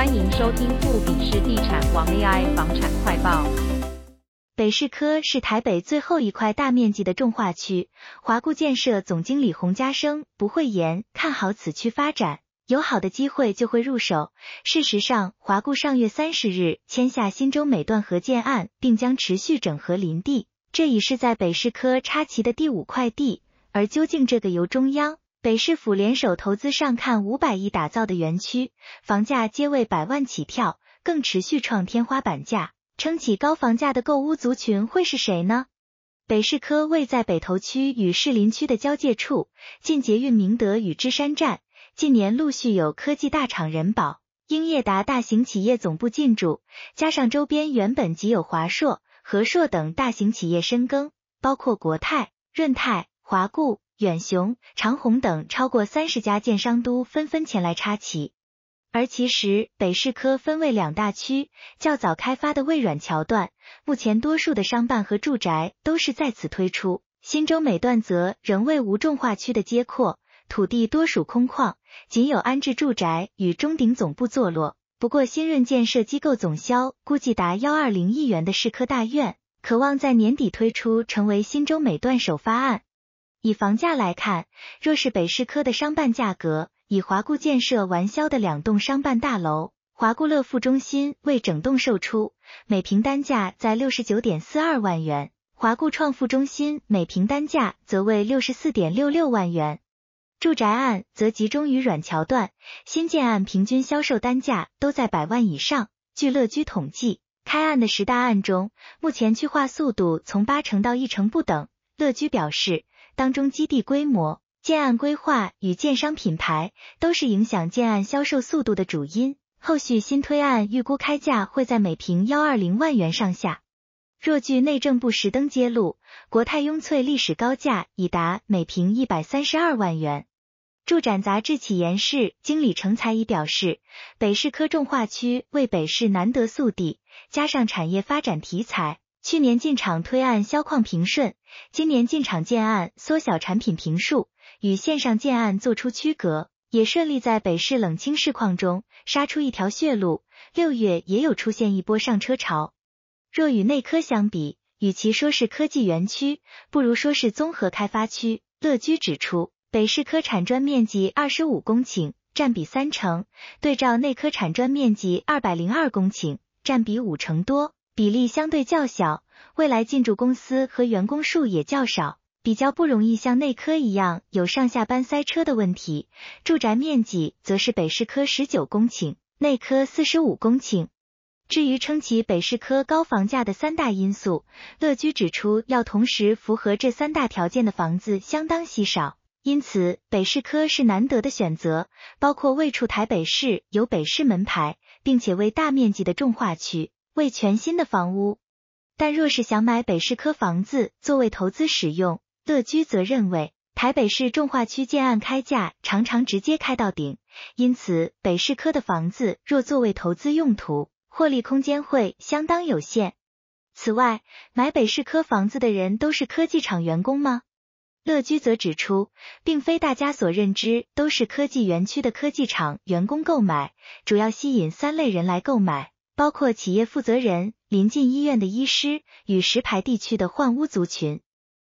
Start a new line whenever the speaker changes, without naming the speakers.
歡迎收聽富比士地產王 AI 房產快報。北士科是台北最後一塊大面積的重劃區，華固建設總經理洪家生不諱言看好此區發展，有好的機會就會入手。事實上，華固上月三十日簽下新洲美段合建案，並將持續整合林地，這已是在北士科插旗的第五塊地。而究竟這個由中央、北市府聯手投資上看五百億打造的園區，房價皆為百萬起跳，更持續創天花板價，撐起高房價的購屋族群會是誰呢？北士科位在北投區與士林區的交界處，近捷運明德與芝山站，近年陸續有科技大廠仁寶、英業達大型企業總部進駐，加上周邊原本即有華碩、和碩等大型企業深耕，包括國泰、潤泰、華固。遠雄、長虹等超過三十家建商都紛紛前來插旗，而其實北士科分為兩大區，較早開發的魏軟橋段，目前多數的商辦和住宅都是在此推出；新洲美段則仍為無重劃區的街廓，土地多屬空曠，僅有安置住宅與中鼎總部坐落。不過，新潤建設機構總銷估計達120億元的士科大院，可望在年底推出，成為新洲美段首發案。以房價來看，若是北士科的商辦價格，以華固建設完銷的兩棟商辦大樓，華固樂富中心為整棟售出，每平單價在六十九點四二萬元；華固創富中心每平單價則為六十四點六六萬元。住宅案則集中於軟橋段，新建案平均銷售單價都在百萬以上。據樂居統計，開案的十大案中，目前去化速度從八成到一成不等。樂居表示。當中，基地規模、建案規劃與建商品牌都是影響建案銷售速度的主因。後續新推案預估開價會在每坪120萬元上下。若據內政部實登揭露，國泰雍翠歷史高價已達每坪一百三十二萬元。住展雜誌企研室經理成才已表示，北市科重劃區為北市難得素地，加上產業發展題材。去年進場推案銷況平順，今年進場建案縮小產品坪數，與線上建案做出區隔，也順利在北市冷清市況中殺出一條血路。六月也有出現一波上車潮。若與內科相比，與其說是科技園區，不如說是綜合開發區。樂居指出，北士科產專面積二十五公頃，佔比三成，對照內科產專面積二百零二公頃，佔比五成多。比例相對較小，未來進駐公司和員工數也較少，比較不容易像內科一樣有上下班塞車的問題。住宅面積則是北士科十九公頃，內科四十五公頃。至於撐起北士科高房價的三大因素，樂居指出，要同時符合這三大條件的房子相當稀少，因此北士科是難得的選擇。包括位處台北市有北市門牌，並且為大面積的重劃區，為全新的房屋，但若是想買北士科房子作為投資使用，樂居則認為台北市重劃區建案開價常常直接開到頂，因此北士科的房子若作為投資用途，獲利空間會相當有限。此外，買北士科房子的人都是科技廠員工嗎？樂居則指出，並非大家所認知都是科技園區的科技廠員工購買，主要吸引三類人來購買。包括企業負責人、臨近醫院的醫師與石牌地區的換屋族群。